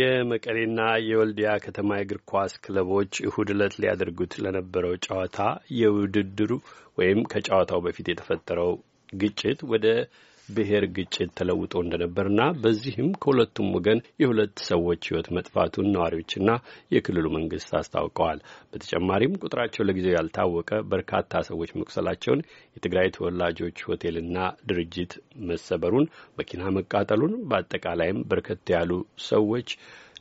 የመቀሌና የወልዲያ ከተማ የእግር ኳስ ክለቦች እሁድ ዕለት ሊያደርጉት ለነበረው ጨዋታ የውድድሩ ወይም ከጨዋታው በፊት የተፈጠረው ግጭት ወደ ብሔር ግጭት ተለውጦ እንደነበርና በዚህም ከሁለቱም ወገን የሁለት ሰዎች ሕይወት መጥፋቱን ነዋሪዎችና የክልሉ መንግስት አስታውቀዋል። በተጨማሪም ቁጥራቸው ለጊዜው ያልታወቀ በርካታ ሰዎች መቁሰላቸውን፣ የትግራይ ተወላጆች ሆቴልና ድርጅት መሰበሩን፣ መኪና መቃጠሉን፣ በአጠቃላይም በርከት ያሉ ሰዎች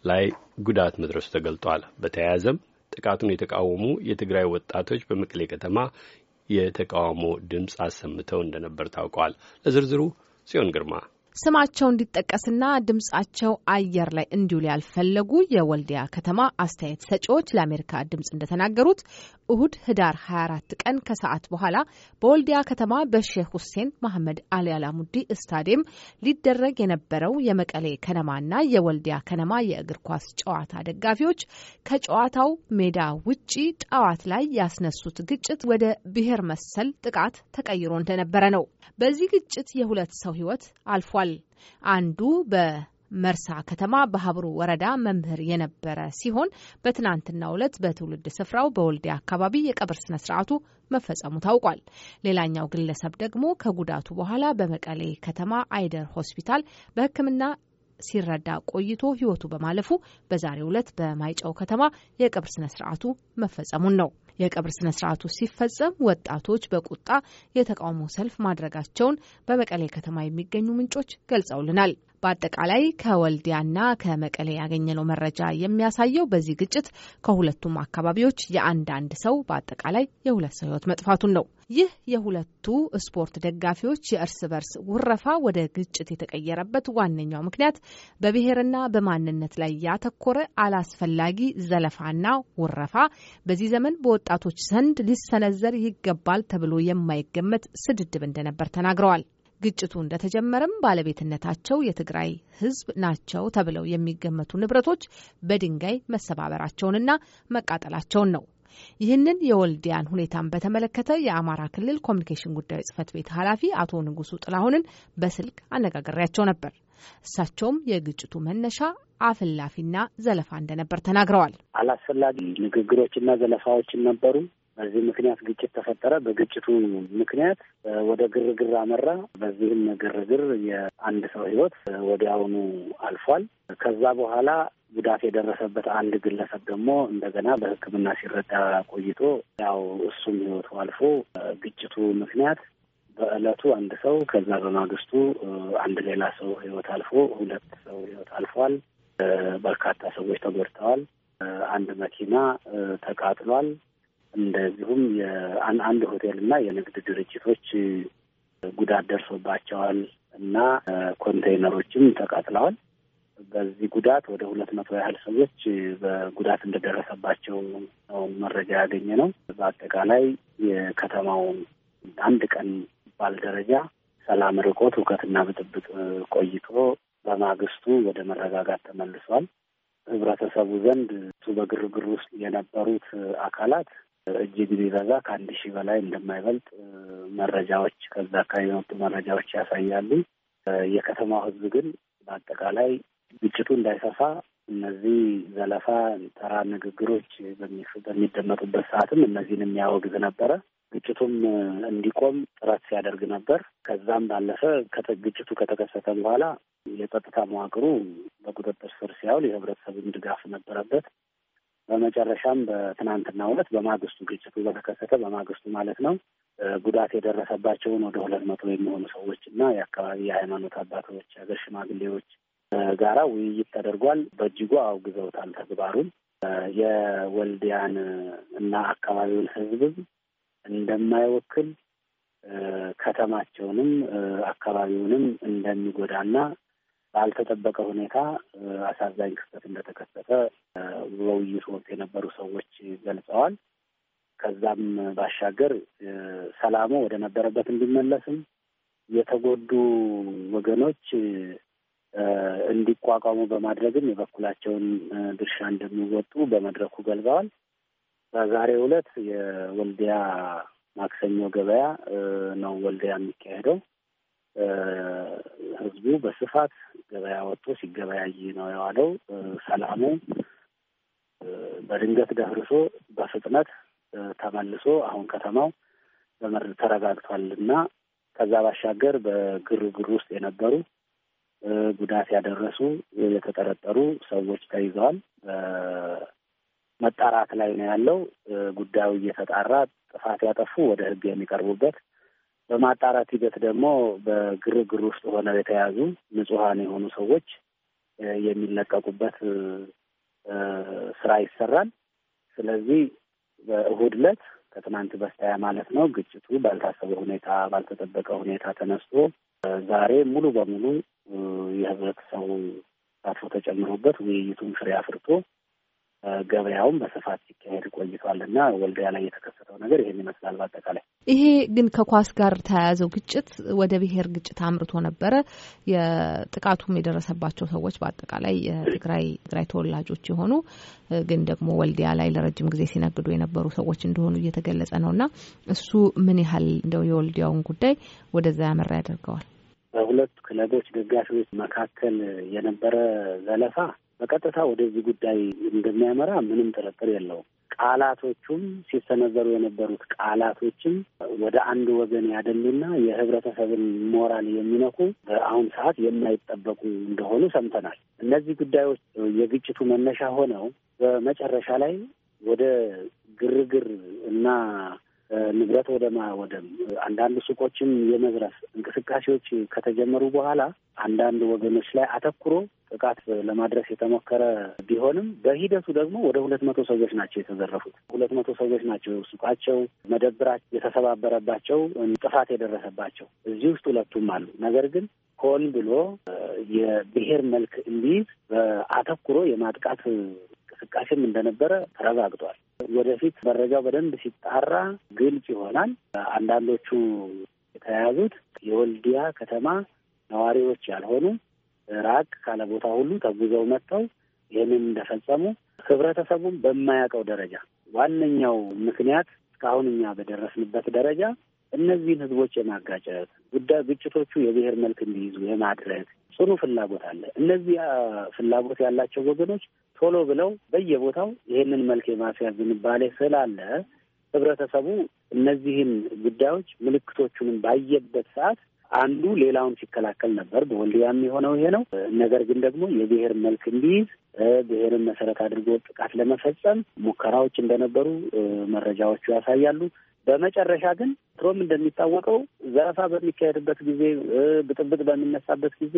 ላይ ጉዳት መድረሱ ተገልጧል። በተያያዘም ጥቃቱን የተቃወሙ የትግራይ ወጣቶች በመቀሌ ከተማ የተቃውሞ ድምፅ አሰምተው እንደነበር ታውቋል። ለዝርዝሩ ጽዮን ግርማ ስማቸው እንዲጠቀስና ድምጻቸው አየር ላይ እንዲውል ያልፈለጉ የወልዲያ ከተማ አስተያየት ሰጪዎች ለአሜሪካ ድምጽ እንደተናገሩት እሁድ ህዳር 24 ቀን ከሰዓት በኋላ በወልዲያ ከተማ በሼህ ሁሴን መሐመድ አሊ አላሙዲ ስታዲየም ሊደረግ የነበረው የመቀሌ ከነማና የወልዲያ ከነማ የእግር ኳስ ጨዋታ ደጋፊዎች ከጨዋታው ሜዳ ውጪ ጠዋት ላይ ያስነሱት ግጭት ወደ ብሔር መሰል ጥቃት ተቀይሮ እንደነበረ ነው። በዚህ ግጭት የሁለት ሰው ህይወት አልፏል። አልፏል። አንዱ በመርሳ ከተማ በሀብሩ ወረዳ መምህር የነበረ ሲሆን በትናንትናው ዕለት በትውልድ ስፍራው በወልዲያ አካባቢ የቀብር ስነ ስርዓቱ መፈጸሙ ታውቋል። ሌላኛው ግለሰብ ደግሞ ከጉዳቱ በኋላ በመቀሌ ከተማ አይደር ሆስፒታል በሕክምና ሲረዳ ቆይቶ ህይወቱ በማለፉ በዛሬው ዕለት በማይጫው ከተማ የቀብር ስነ ስርዓቱ መፈጸሙን ነው። የቀብር ስነ ስርዓቱ ሲፈጸም ወጣቶች በቁጣ የተቃውሞ ሰልፍ ማድረጋቸውን በመቀሌ ከተማ የሚገኙ ምንጮች ገልጸውልናል። በአጠቃላይ ከወልዲያና ከመቀሌ ያገኘነው መረጃ የሚያሳየው በዚህ ግጭት ከሁለቱም አካባቢዎች የአንዳንድ ሰው በአጠቃላይ የሁለት ሰው ህይወት መጥፋቱን ነው። ይህ የሁለቱ ስፖርት ደጋፊዎች የእርስ በርስ ውረፋ ወደ ግጭት የተቀየረበት ዋነኛው ምክንያት በብሔርና በማንነት ላይ ያተኮረ አላስፈላጊ ዘለፋና ውረፋ በዚህ ዘመን በወጣቶች ዘንድ ሊሰነዘር ይገባል ተብሎ የማይገመት ስድድብ እንደነበር ተናግረዋል። ግጭቱ እንደተጀመረም ባለቤትነታቸው የትግራይ ሕዝብ ናቸው ተብለው የሚገመቱ ንብረቶች በድንጋይ መሰባበራቸውንና መቃጠላቸውን ነው። ይህንን የወልዲያን ሁኔታን በተመለከተ የአማራ ክልል ኮሚኒኬሽን ጉዳዮች ጽህፈት ቤት ኃላፊ አቶ ንጉሱ ጥላሁንን በስልክ አነጋግሬያቸው ነበር። እሳቸውም የግጭቱ መነሻ አፍላፊና ዘለፋ እንደነበር ተናግረዋል። አላስፈላጊ ንግግሮችና ዘለፋዎችን ነበሩ። በዚህ ምክንያት ግጭት ተፈጠረ። በግጭቱ ምክንያት ወደ ግርግር አመራ። በዚህም ግርግር የአንድ ሰው ህይወት ወዲያውኑ አልፏል። ከዛ በኋላ ጉዳት የደረሰበት አንድ ግለሰብ ደግሞ እንደገና በሕክምና ሲረዳ ቆይቶ ያው እሱም ህይወቱ አልፎ ግጭቱ ምክንያት በእለቱ አንድ ሰው ከዛ በማግስቱ አንድ ሌላ ሰው ህይወት አልፎ ሁለት ሰው ህይወት አልፏል። በርካታ ሰዎች ተጎድተዋል። አንድ መኪና ተቃጥሏል። እንደዚሁም የአንድ ሆቴል እና የንግድ ድርጅቶች ጉዳት ደርሶባቸዋል እና ኮንቴይነሮችም ተቃጥለዋል። በዚህ ጉዳት ወደ ሁለት መቶ ያህል ሰዎች በጉዳት እንደደረሰባቸው ነው መረጃ ያገኘ ነው። በአጠቃላይ የከተማው አንድ ቀን ባል ደረጃ ሰላም ርቆት እውከትና ብጥብጥ ቆይቶ በማግስቱ ወደ መረጋጋት ተመልሷል። ህብረተሰቡ ዘንድ እሱ በግርግር ውስጥ የነበሩት አካላት እጅግ ቢበዛ ከአንድ ሺህ በላይ እንደማይበልጥ መረጃዎች ከዛ አካባቢ የመጡ መረጃዎች ያሳያሉ። የከተማው ህዝብ ግን በአጠቃላይ ግጭቱ እንዳይሰፋ እነዚህ ዘለፋ፣ ተራ ንግግሮች በሚደመጡበት ሰዓትም እነዚህን የሚያወግዝ ነበረ። ግጭቱም እንዲቆም ጥረት ሲያደርግ ነበር። ከዛም ባለፈ ግጭቱ ከተከሰተ በኋላ የጸጥታ መዋቅሩ በቁጥጥር ስር ሲያውል የህብረተሰቡም ድጋፍ ነበረበት። በመጨረሻም በትናንትናው ዕለት በማግስቱ ግጭቱ በተከሰተ በማግስቱ ማለት ነው ጉዳት የደረሰባቸውን ወደ ሁለት መቶ የሚሆኑ ሰዎች እና የአካባቢ የሃይማኖት አባቶች፣ ሀገር ሽማግሌዎች ጋራ ውይይት ተደርጓል። በእጅጉ አውግዘውታል ተግባሩን። የወልዲያን እና አካባቢውን ህዝብም እንደማይወክል ከተማቸውንም አካባቢውንም እንደሚጎዳና ባልተጠበቀ ሁኔታ አሳዛኝ ክስተት እንደተከሰተ በውይይት ወቅት የነበሩ ሰዎች ገልጸዋል። ከዛም ባሻገር ሰላሙ ወደ ነበረበት እንዲመለስም የተጎዱ ወገኖች እንዲቋቋሙ በማድረግም የበኩላቸውን ድርሻ እንደሚወጡ በመድረኩ ገልጸዋል። በዛሬው ዕለት የወልዲያ ማክሰኞ ገበያ ነው ወልዲያ የሚካሄደው። ህዝቡ በስፋት ገበያ ወጥቶ ሲገበያይ ነው የዋለው። ሰላሙ በድንገት ደፍርሶ በፍጥነት ተመልሶ አሁን ከተማው ተረጋግቷል እና ከዛ ባሻገር በግርግር ውስጥ የነበሩ ጉዳት ያደረሱ የተጠረጠሩ ሰዎች ተይዘዋል። መጣራት ላይ ነው ያለው ጉዳዩ እየተጣራ ጥፋት ያጠፉ ወደ ህግ የሚቀርቡበት በማጣራት ሂደት ደግሞ በግርግር ውስጥ ሆነው የተያዙ ንጹሀን የሆኑ ሰዎች የሚለቀቁበት ስራ ይሰራል። ስለዚህ በእሁድ ዕለት ከትናንት በስቲያ ማለት ነው ግጭቱ ባልታሰበ ሁኔታ ባልተጠበቀ ሁኔታ ተነስቶ ዛሬ ሙሉ በሙሉ የህብረተሰቡ ተሳትፎ ተጨምሮበት ውይይቱን ፍሬ አፍርቶ ገበያውም በስፋት ሲካሄድ ቆይቷል እና ወልዲያ ላይ የተከሰተው ነገር ይህን ይመስላል በአጠቃላይ ይሄ ግን ከኳስ ጋር ተያያዘው ግጭት ወደ ብሔር ግጭት አምርቶ ነበረ። የጥቃቱም የደረሰባቸው ሰዎች በአጠቃላይ የትግራይ ትግራይ ተወላጆች የሆኑ ግን ደግሞ ወልዲያ ላይ ለረጅም ጊዜ ሲነግዱ የነበሩ ሰዎች እንደሆኑ እየተገለጸ ነውና እሱ ምን ያህል እንደው የወልዲያውን ጉዳይ ወደዛ ያመራ ያደርገዋል? በሁለቱ ክለቦች ደጋፊዎች መካከል የነበረ ዘለፋ በቀጥታ ወደዚህ ጉዳይ እንደሚያመራ ምንም ጥርጥር የለውም። ቃላቶቹም ሲሰነዘሩ የነበሩት ቃላቶችም ወደ አንድ ወገን ያደሉና የህብረተሰብን ሞራል የሚነኩ በአሁን ሰዓት የማይጠበቁ እንደሆኑ ሰምተናል። እነዚህ ጉዳዮች የግጭቱ መነሻ ሆነው በመጨረሻ ላይ ወደ ግርግር እና ንብረት ወደ ማወደም አንዳንድ ሱቆችን የመዝረፍ እንቅስቃሴዎች ከተጀመሩ በኋላ አንዳንድ ወገኖች ላይ አተኩሮ ጥቃት ለማድረስ የተሞከረ ቢሆንም በሂደቱ ደግሞ ወደ ሁለት መቶ ሰዎች ናቸው የተዘረፉት። ሁለት መቶ ሰዎች ናቸው ሱቃቸው፣ መደብራቸው የተሰባበረባቸው ጥፋት የደረሰባቸው። እዚህ ውስጥ ሁለቱም አሉ። ነገር ግን ሆን ብሎ የብሔር መልክ እንዲይዝ አተኩሮ የማጥቃት እንቅስቃሴም እንደነበረ ተረጋግጧል። ወደፊት መረጃው በደንብ ሲጣራ ግልጽ ይሆናል። አንዳንዶቹ የተያያዙት የወልዲያ ከተማ ነዋሪዎች ያልሆኑ ራቅ ካለ ቦታ ሁሉ ተጉዘው መጥተው ይህንን እንደፈጸሙ ህብረተሰቡም በማያውቀው ደረጃ ዋነኛው ምክንያት እስካሁን እኛ በደረስንበት ደረጃ እነዚህን ህዝቦች የማጋጨት ጉዳይ ግጭቶቹ የብሔር መልክ እንዲይዙ የማድረግ ጽኑ ፍላጎት አለ። እነዚህ ፍላጎት ያላቸው ወገኖች ቶሎ ብለው በየቦታው ይህንን መልክ የማስያዝ ዝንባሌ ስላለ ህብረተሰቡ እነዚህን ጉዳዮች ምልክቶቹንም ባየበት ሰዓት አንዱ ሌላውን ሲከላከል ነበር። በወልዲያ የሚሆነው ይሄ ነው። ነገር ግን ደግሞ የብሔር መልክ እንዲይዝ ብሔርን መሰረት አድርጎ ጥቃት ለመፈጸም ሙከራዎች እንደነበሩ መረጃዎቹ ያሳያሉ። በመጨረሻ ግን ትሮም እንደሚታወቀው ዘረፋ በሚካሄድበት ጊዜ፣ ብጥብጥ በሚነሳበት ጊዜ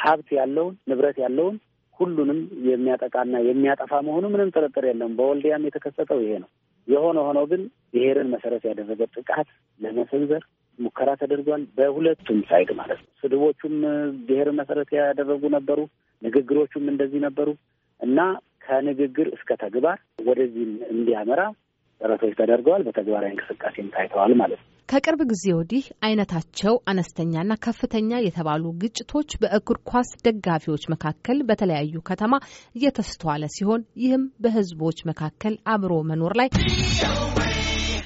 ሀብት ያለውን ንብረት ያለውን ሁሉንም የሚያጠቃና የሚያጠፋ መሆኑ ምንም ጥርጥር የለም በወልዲያም የተከሰተው ይሄ ነው። የሆነ ሆኖ ግን ብሔርን መሰረት ያደረገ ጥቃት ለመሰንዘር ሙከራ ተደርጓል። በሁለቱም ሳይድ ማለት ነው። ስድቦቹም ብሔር መሰረት ያደረጉ ነበሩ፣ ንግግሮቹም እንደዚህ ነበሩ እና ከንግግር እስከ ተግባር ወደዚህም እንዲያመራ ጥረቶች ተደርገዋል። በተግባራዊ እንቅስቃሴም ታይተዋል ማለት ነው። ከቅርብ ጊዜ ወዲህ አይነታቸው አነስተኛና ከፍተኛ የተባሉ ግጭቶች በእግር ኳስ ደጋፊዎች መካከል በተለያዩ ከተማ እየተስተዋለ ሲሆን ይህም በህዝቦች መካከል አብሮ መኖር ላይ